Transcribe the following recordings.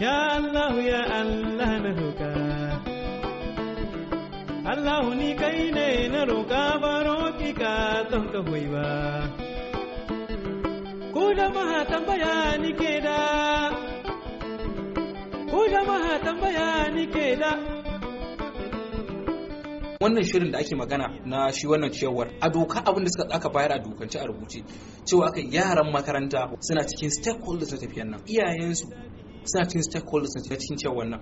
Ya Allah ya Allah na roƙa Allah ni kai ne na roƙa ba, roƙi ka don ka hoyi ba Ku jama'a tambaya ni ke da Ku jama'a tambaya ni ke da wannan shirin da ake magana na shi wannan ciyarwar a doka abin da suka aka bayar a dokance a rubuce cewa aka yaran makaranta suna cikin stakeholders na tafiyan nan iyayensu suna cikin stakeholders na cikin cewa wannan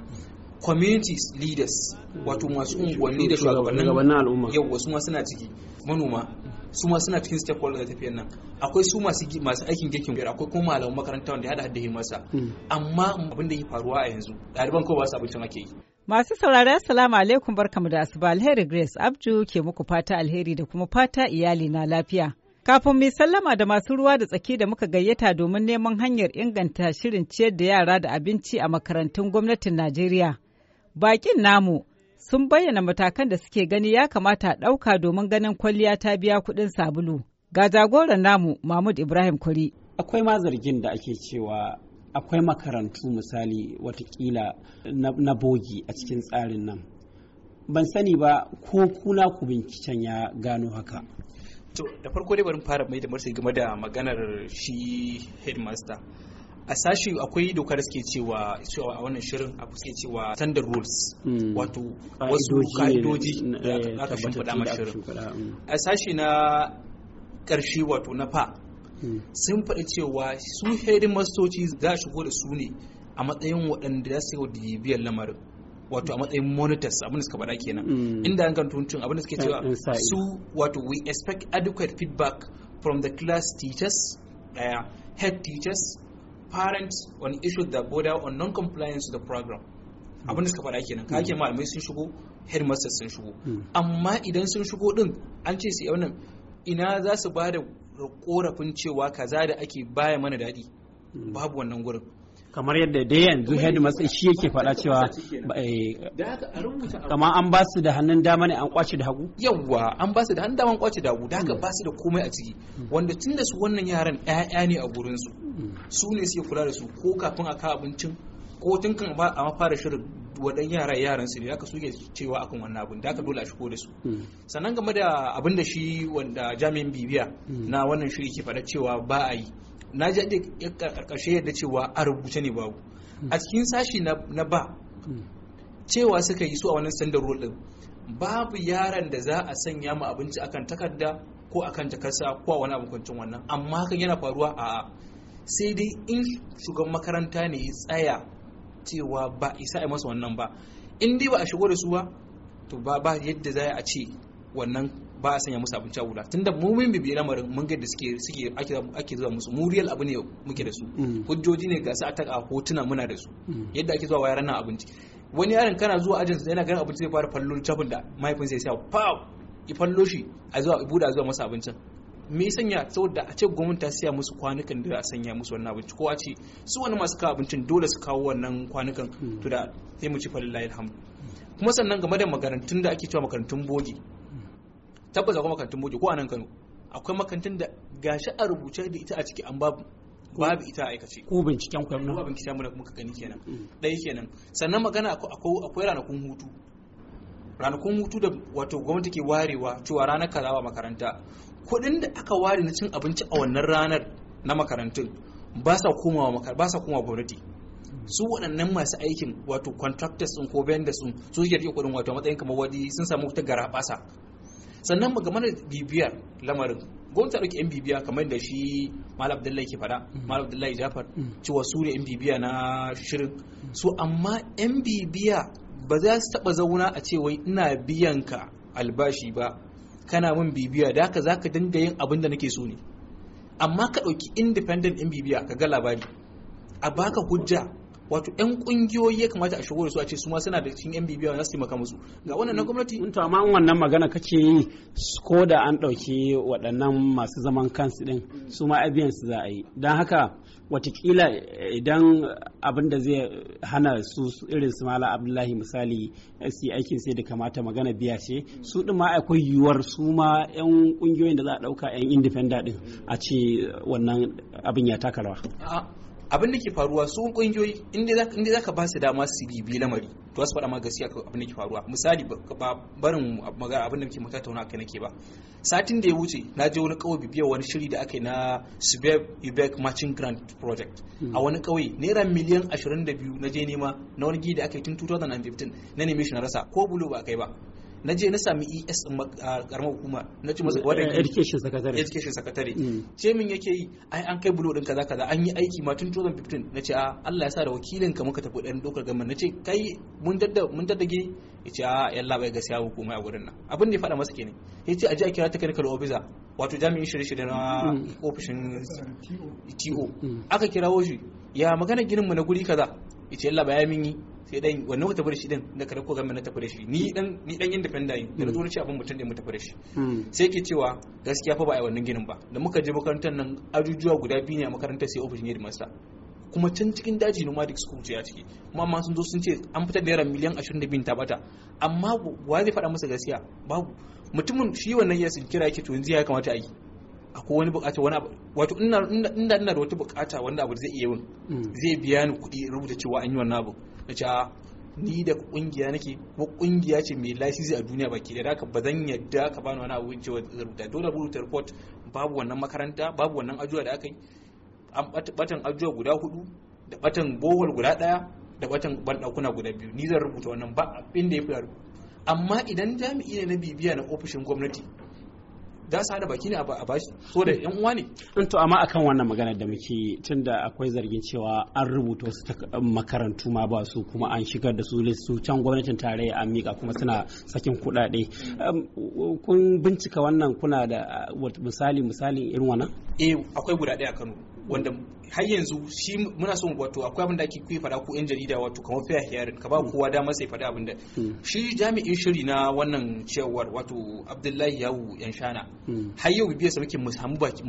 community leaders wato masu unguwanni da shugabannin al'umma yau wasu ma suna ciki manoma su ma suna cikin stakeholders da tafiya nan akwai su masu masu aikin gekin gari akwai kuma malaman makaranta wanda ya da haddahi masa hmm. amma abin da ke faruwa a yanzu ɗaliban kawai ba su abincin ake yi Masu saurari assalamu alaikum barkamu da asuba alheri Grace Abdu ke muku fata alheri da kuma fata iyali na lafiya. Kafin mai sallama da masu ruwa da tsaki da muka gayyata domin neman hanyar inganta shirin ciyar da yara da abinci a makarantun gwamnatin Najeriya. Bakin namu sun bayyana matakan da suke gani ya kamata ɗauka domin ganin kwalliya ta biya kuɗin sabulu. Ga jagoran namu Mahmud Ibrahim Kuri. Akwai ma zargin da ake cewa akwai makarantu misali watakila na bogi a cikin tsarin nan. Ban sani ba ko kuna ku binciken ya gano haka. to da farko dai bari fara mai da martani game da maganar shi headmaster a sashi akwai dokar da suke cewa a wannan shirin a suke cewa standard rules hmm. wato wasu ka'idoji eh, da aka shimfiɗa ma hmm. shirin a sashi na ƙarshe wato na fa hmm. sun faɗi cewa su headmaster za a shigo da su ne a matsayin waɗanda za su yi wa lamarin wato a matsayin monitors abin da suka faɗa kenan mm. inda an kan tuntun abin da suke cewa su wato we expect adequate feedback from the class teachers daya eh, head teachers parents on issues that border on non-compliance with the program mm. abin da suka faɗa kenan ka ke mm. malamai sun shigo headmasters sun shigo amma idan sun shigo din an ce su yawan ina za su ba da korafin cewa kaza da ake baya mana daɗi babu wannan gurin kamar yadda dai yanzu headmaster shi yake faɗa cewa eh, kama an ba su da hannun dama ne an kwace da hagu yawwa an ba su da hannun dama an kwace da hagu da ba su da komai a ciki wanda tun da su wannan yaran ƴaƴa ne a gurin su su ne suke kula da su ko kafin a ka abincin ko tun kan a fara shirin waɗan yara yaran su ne haka suke cewa akan wannan abin da aka dole a shigo da su hmm. sannan game da abin da shi wanda jami'in bibiya hmm. na wannan shiri ke faɗa cewa ba a yi na ji ake ƙarshe yadda cewa a rubuce ne babu a cikin sashi na ba cewa suka yi su a wannan standard rule din babu yaran da za a sanya ma abinci akan takarda ko akan jakarsa ko a wani abincin wannan amma hakan yana faruwa a sai dai in shugaban makaranta ne ya tsaya cewa ba isa a masa wannan ba in dai ba a shigo da su ba to ba yadda za a ce wannan ba a sanya musu abinci a wula tunda mu mun bibiye lamarin mun ga da suke suke ake zuwa musu mu real abu ne muke da su mm. hujjoji ne ga su a taka hotuna muna da su mm. yadda ake zuwa wayar nan abinci wani yaron kana zuwa su yana ganin abinci zai fara fallo littafin da mahaifinsa ya sa pow ya fallo shi a zuwa buda zuwa masa abincin me ya sanya saboda a ce gwamnati ta siya musu kwanukan da a sanya musu wannan abinci ko a ce su wani masu kawo abincin dole su kawo wannan kwanukan mm. to da sai mu ci falilahi alhamdu kuma sannan game da makarantun da ake cewa makarantun bogi tabbas akwai makarantun boko ko a nan Kano akwai makarantun da gashi a rubuce da ita a ciki an babu babu ita a aikace ko binciken ku Ko binciken kisa muna muka gani kenan dai mm. kenan sannan magana akwai ranakun hutu ranakun hutu da wato gwamnati ke warewa cewa ranar kaza ba makaranta kuɗin da aka ware na cin abinci a wannan ranar na makarantun ba sa komawa ba sa komawa gwamnati su waɗannan masu aikin wato contractors ɗin ko vendors ɗin su suke rike kuɗin wato matsayin kamar wadi sun samu ta gara basa sannan ba game da bibiyar lamarin gwamnati ta ɗauki yan bibiya kamar da shi mal abdullahi ke faɗa mm. mal abdullahi jafar mm. cewa su ne yan bibiya na shirin mm. so amma yan bibiya ba za su taɓa zauna a ce wai ina biyan ka albashi ba kana min bibiya da haka zaka dinga yin abin da nake so ne amma ka ɗauki independent yan bibiya ka ga labari a baka hujja wato yan kungiyoyi ya kamata a shigo da su a ce su ma suna da cikin yan bibiya za su taimaka musu ga wannan na gwamnati to amma wannan magana kake ko da an ɗauki waɗannan masu zaman kansu din su ma abiyan su za a yi dan haka watakila idan abin da zai hana su irin su mala abdullahi misali su yi aikin sai da kamata magana biya ce su ɗin ma akwai yiwuwar su ma yan kungiyoyin da za a ɗauka yan indifenda din a ce wannan abin ya taka rawa abin da ke faruwa su kungiyoyi inda za ka ba su dama su bibi lamari to su faɗa ma gaskiya abin da ke faruwa misali ba barin magana abin da muke mu tattauna kai nake ba satin da ya wuce na je wani kawai bibiya wani shiri da aka yi na Subeb Ubek Matching Grant Project hmm. a wani kauye naira miliyan 22 na je nema na wani gida da aka yi tun 2015 na neme shi na rasa ko bulo ba kai ba na je na sami es din karamar hukuma na ci masa mm, wadda education secretary education secretary ce mm. min yake yi ai an kai bulo din kaza kaza an yi aiki ma tun 2015 na ce a Allah ya sa da wakilin ka muka tafi dan dokar gamar na ce kai mun dadda mun daddage ya ce a yalla bai gaskiya hukuma a gurin nan abin da ya faɗa masa kenan ya ce a je a kira technical officer wato jami'in shirye-shirye na mm. ofishin TO aka kirawo shi ya magana ginin mu na guri kaza Ice Allah ba ya min yi sai dan wannan wata da shi din da ko gamin na tafi da shi ni dan ni dan independent da na zo ci abin mutum da mu tafi da shi hmm. sai ke cewa gaskiya fa ba ai wannan ginin ba da muka je makarantar nan ajujuwa guda biyu ne a makarantar sai office ne master kuma can cikin daji nomadic school ce a ciki kuma amma sun zo sun ce an fita fitar naira miliyan 22 ta bata amma wa zai faɗa masa gaskiya babu mutumin shi wannan yasin kira yake to yanzu ya kamata a yi akwai wani bukata wani abu wato inda ina da wata bukata wanda abu zai iya yin mm. zai biya ni kuɗi rubuta cewa an yi wannan abu na ce ni da kungiya nake ko kungiya ce mai lasisi a duniya baki da haka ba zan yadda ka bani wani abu cewa rubuta dole rubuta report babu wannan makaranta babu wannan ajuwa da aka yi an batan ajuwa guda hudu da batan bohol guda daya da batan bandakuna guda biyu ni zan rubuta wannan ba abin da ya fi amma idan jami'i ne na bibiya na ofishin gwamnati za su baki ne a bashi so da yan uwa ne in eh, to amma akan wannan magana da muke tunda akwai zargin cewa an rubuta wasu um, makarantu ma ba su kuma an shigar da su su can gwamnatin tarayya an mika kuma suna sakin kuɗaɗe um, kun bincika wannan kuna da uh, misali misalin irin wannan eh akwai guda ɗaya a Kano wanda har yanzu shi muna son wato akwai abin ake kuyi fada ko yan jarida wato kamar fair hearing ka ba hmm. kowa dama sai fada abin da hmm. shi jami'in shiri na wannan cewar wato Abdullahi Yawu yan shana hmm. har yau bibiyar sa muke mu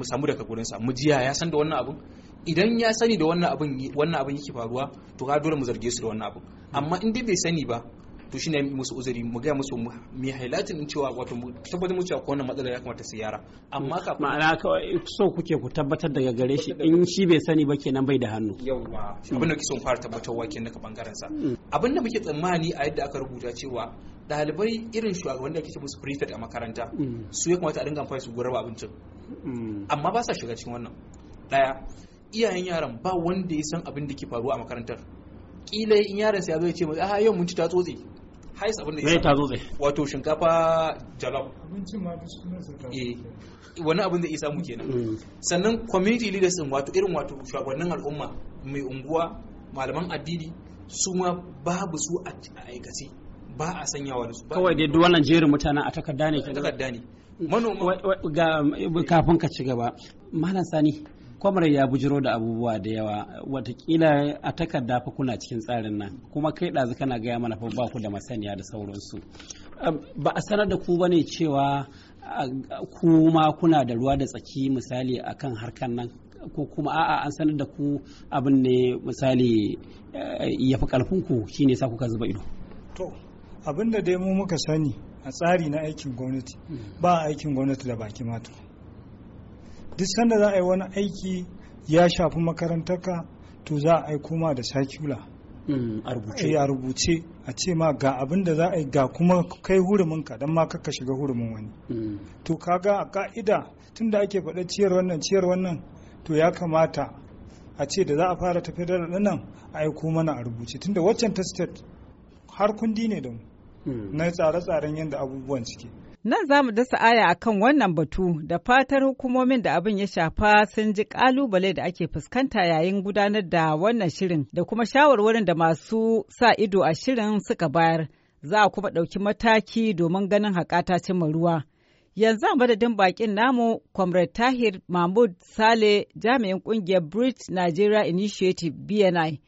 samu daga gurin sa mu jiya ya san da wannan abin idan ya sani da wannan abin wannan abin yake faruwa to ga dole mu zarge su da wannan abun amma in dai bai sani ba to shi ne musu uzuri mu gaya musu mi halatin cewa wato mu tabbatar mu cewa ko wannan matsalar ya kamata su yara amma ka mm. ma'ana kawai so kuke ku tabbatar daga gare shi in shi bai sani ba kenan bai da hannu yawa mm. abin da kike son fara tabbatarwa kenan daga bangaren sa mm. abin da muke tsammani a yadda aka rubuta cewa dalibai irin shugaban da ake cewa musu prefect a makaranta su ya kamata a dinga amfani su guraba abincin amma ba sa shiga cikin wannan daya iyayen yaran ba wanda ya san abin da ke faruwa a makarantar kila in yaran sa ya zo ya ce mai ah yau mun ci ta tsotse hais abin da ya ta zo zai wato shinkafa jalof eh, wani abin da ya muke kenan mm. sannan community leaders din wato irin wato shagwannin al'umma mai unguwa malaman addini su ma babu su a aikace ba a sanyawa da su kawai dai duk wannan jerin mutanen a takarda ne takarda ne manoma ga kafin ka ci gaba malam sani kwamar ya bujiro da abubuwa da yawa watakila a takarda fa kuna cikin tsarin nan kuma kai ɗazu kana gaya mana fa ba ku da masaniya da sauransu ba a sanar da ku ba ne cewa kuma kuna da ruwa da tsaki misali akan harkan nan ko kuma a'a an sanar da ku abin ne misali eh, ya fi ku shine sa kuka zuba ido to abin da dai mu muka sani a tsari na aikin gwamnati hmm. ba aikin gwamnati da baki mato duk sanda za a yi wani aiki ya shafi makarantarka to za a yi kuma da sakula mm, eh, a rubuce a ce ma ga abin da za a yi ga kuma kai huruminka don ma ka shiga hurumin wani mm. to kaga a ka'ida tunda ake faɗa ciyar wannan ciyar wannan to ya kamata a ce da za a fara tafi da ɗanan a aiko mana a rubuce tunda waccan ta state har kundi ne da mm. na tsare-tsaren yadda abubuwan ciki Nan za mu dasa aya a kan wannan batu da fatar hukumomin da abin ya shafa sun ji kalubale da ake fuskanta yayin gudanar da wannan shirin da kuma shawarwarin da masu sa ido a shirin suka bayar za a kuma ɗauki mataki domin ganin haƙata cimma ruwa. Yanzu a madadin bakin namu, Comrade Tahir Mahmud Sale jami'in ƙungiyar Bridge Nigeria Initiative BNI,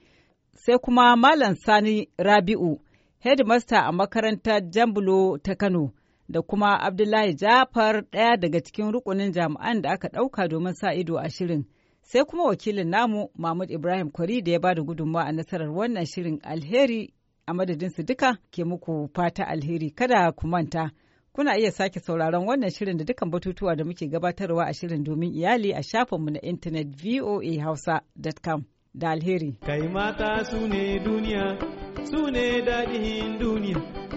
sai kuma Malam Sani Rabi'u, headmaster a makarantar Jambulo ta Kano. da kuma Abdullahi Jafar ɗaya daga cikin rukunin jami'an da aka ɗauka domin sa ido a shirin. Sai kuma wakilin namu Mahmud Ibrahim Kwari da ya ba da gudunmawa a nasarar wannan shirin alheri a madadinsu duka ke muku fata alheri kada ku manta. Kuna iya sake sauraron wannan shirin da dukkan batutuwa da muke gabatarwa a shirin domin iyali a shafinmu na intanet voahausa.com da alheri. Kai mata su ne duniya, su ne daɗin duniya.